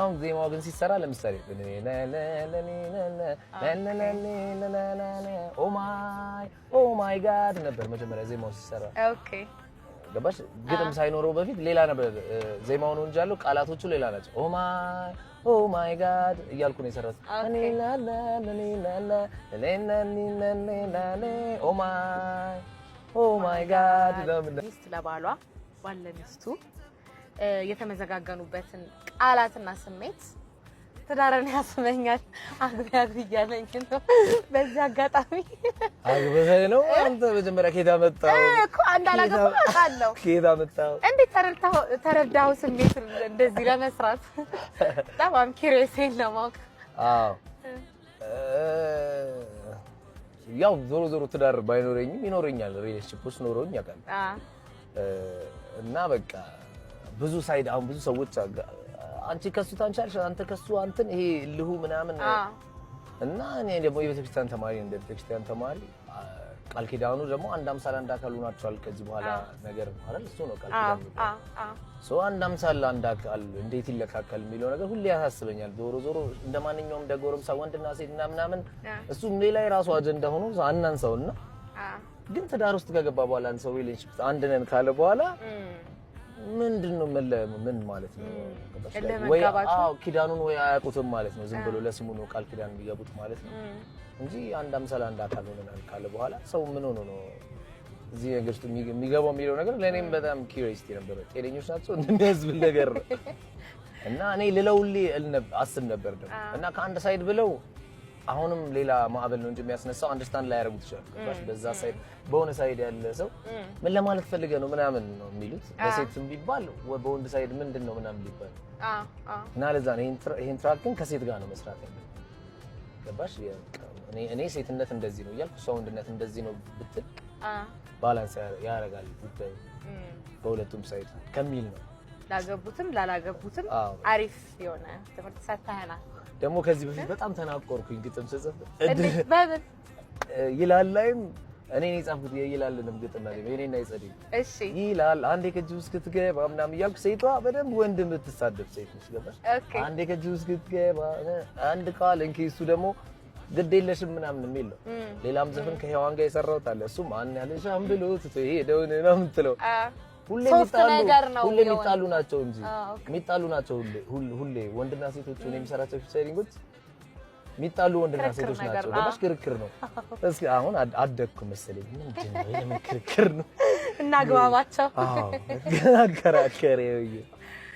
አሁን ዜማው ግን ሲሰራ ለምሳሌ ኦማይ ኦማይ ጋድ ነበር መጀመሪያ ዜማው ሲሰራ። ኦኬ ገባሽ? ግጥም ሳይኖረው በፊት ሌላ ነበር ዜማው ነው እንጂ ያለው ቃላቶቹ ሌላ ናቸው። ኦማይ ኦማይ ጋድ እያልኩ ነው የሰራሁት። ኦማይ ኦማይ ጋድ ለባሏ ባለ ሚስቱ የተመዘጋገኑበትን ቃላትና ስሜት ትዳርን ያስመኛል። አግቢ አግቢ እያለኝ ነው። በዚህ አጋጣሚ አግብተህ ነው አንተ መጀመሪያ ኬታ መጣው እኮ አንድ እንዳላገባ አውቃለሁ። ኬታ መጣሁ እንዴት ተረዳሁ? ስሜት እንደዚህ ለመስራት በጣም ኪሬሴን ለማወቅ አዎ። ያው ዞሮ ዞሮ ትዳር ባይኖረኝም ይኖረኛል ሪሌሽንሽፕ ውስጥ ኖሮኝ ያውቃል እና በቃ ብዙ ሳይድ አሁን ብዙ ሰዎች አንቺ ከሱ ታንቻልሽ፣ አንተ ከሱ አንተን ይሄ ልሁ ምናምን እና እኔ ደግሞ የቤተክርስቲያን ተማሪ እንደ ቤተክርስቲያን ተማሪ ቃል ኪዳኑ ደግሞ አንድ አምሳል አንድ አካል ሆናችኋል ከዚህ በኋላ ነገር ማለት እሱ ነው። ቃል ኪዳኑ አንድ አምሳል አንድ አካል እንዴት ይለካከል የሚለው ነገር ሁሌ ያሳስበኛል። ዞሮ ዞሮ እንደ ማንኛውም እንደ ጎረምሳ ወንድና እና ምናምን እሱ ሌላ የራሱ አጀንዳ ሆኖ አናን ሰውና ግን ትዳር ውስጥ ከገባ በኋላ አንድ ሰው ሪሌሽንሽፕ አንድ ነን ካለ በኋላ ምንድን ነው ምን ማለት ነው? ወይ አዎ ኪዳኑን ወይ አያውቁትም ማለት ነው። ዝም ብሎ ለስሙ ነው ቃል ኪዳን የሚገቡት ማለት ነው እንጂ አንድ አምሳል አንድ አካል ሆነናል ካለ በኋላ ሰው ምን ሆኖ ነው እዚህ ነገር ውስጥ የሚገባው የሚለው ነገር ለእኔም በጣም ኪሪስቲ ነበረ። ጤነኞች ናቸው እንደሚያዝብ ነገር እና እኔ ልለውልህ አስብ ነበር ደግሞ እና ከአንድ ሳይድ ብለው አሁንም ሌላ ማዕበል ነው እንጂ የሚያስነሳው አንደርስታንድ ላያደርጉት ይችላል። በዛ ሳይድ በሆነ ሳይድ ያለ ሰው ምን ለማለት ፈልገ ነው ምናምን ነው የሚሉት። በሴትም ቢባል በወንድ ሳይድ ምንድን ነው ምናምን ቢባል እና ለዛ ነው ይህን ትራክ ግን ከሴት ጋር ነው መስራት ያለ ገባሽ። እኔ ሴትነት እንደዚህ ነው እያልኩ ሰው ወንድነት እንደዚህ ነው ብትል ባላንስ ያደርጋል ጉዳዩ በሁለቱም ሳይድ ከሚል ነው ላገቡትም ላላገቡትም አሪፍ የሆነ ትምህርት ሰጥተህናል። ደግሞ ከዚህ በፊት በጣም ተናቆርኩኝ ግጥም ስጽፍ ይላል ላይም እኔ ነው የጻፍኩት የይላልንም ግጥም ላይ እኔ እና ይጸድ እሺ ይላል አንዴ ከእጅ ውስጥ ክትገባ ምናምን እያልኩ ሴቷ በደንብ ወንድ የምትሳደብ ሴት ነች። ገባሽ? አንዴ ከእጅ ውስጥ ክትገባ አንድ ቃል እንኪ እሱ ደግሞ ግድ የለሽም ምናምን የሚል ነው። ሌላም ዘፈን ከሔዋን ጋር የሰራሁት አለ። እሱም ማን ያለሽ አንብሎ ትቶ ይሄ ነው የምትለው ሁሌ የሚጣሉ ናቸው እንጂ የሚጣሉ ናቸው። ሁሌ ወንድና ሴቶች ነው የሚሰራቸው ፊቸሪንጎች የሚጣሉ ወንድና ሴቶች ናቸው። ገባሽ? ክርክር ነው። እስኪ አሁን አደግኩ መሰለኝ። ምንድን ነው የምን ክርክር ነው? እናግባባቸው። አዎ ገና ከራከረ